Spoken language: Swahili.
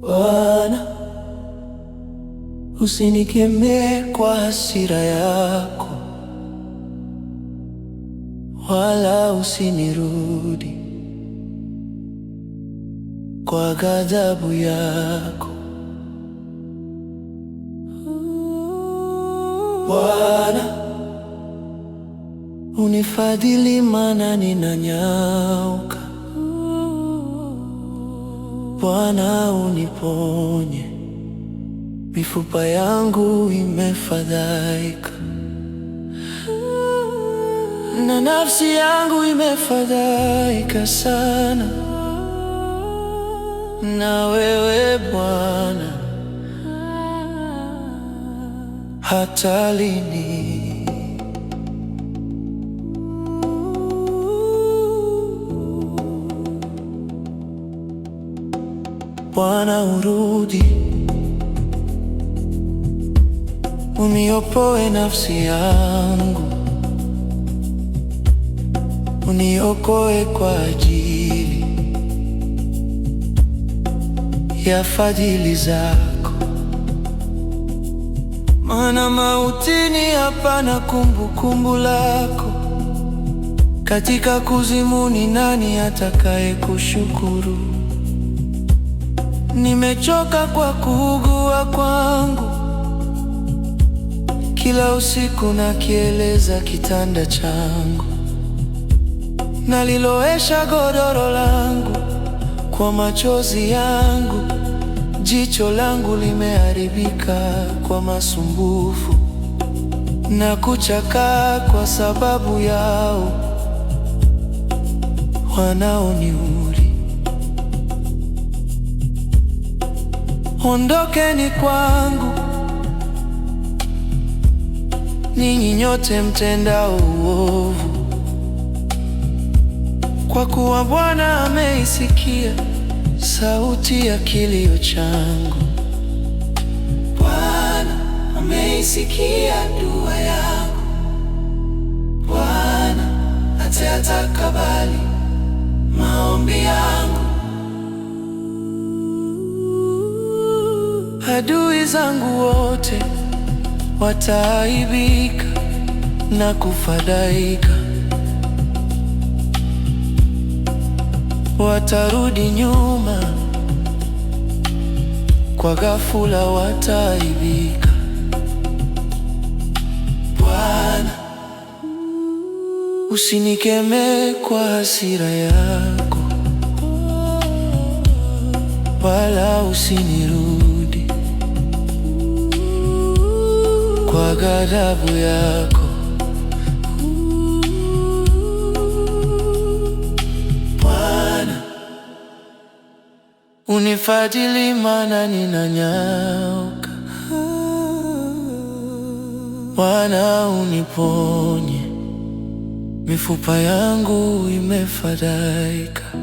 Bwana, usinikemee kwa hasira yako wala usinirudi kwa ghadhabu yako. Bwana, unifadhili mana ninanyauka. Bwana, uniponye, mifupa yangu imefadhaika na nafsi yangu imefadhaika sana na wewe Bwana, hata lini? Bwana, urudi uniopoe nafsi yangu uniokoe kwa ajili ya fadhili zako, maana mautini hapana kumbukumbu lako, katika kuzimu ni nani atakaye kushukuru? Nimechoka kwa kuugua kwangu, kila usiku nakieleza kitanda changu naliloesha godoro langu kwa machozi yangu, jicho langu limeharibika kwa masumbufu na kuchakaa kwa sababu yao wanaoniudhi. Ondokeni kwangu ninyi nyote mtendao uovu kwa kuwa Bwana ameisikia sauti ya kilio changu. Bwana ameisikia dua yangu, Bwana atayatakabali maombi yangu. Adui zangu wote wataaibika na kufadhaika watarudi nyuma, kwa ghafula wataibika. Bwana, usinikeme kwa hasira yako, wala usinirudi kwa ghadhabu yako. unifadhili, maana ninanyauka. Bwana uniponye, mifupa yangu imefadhaika.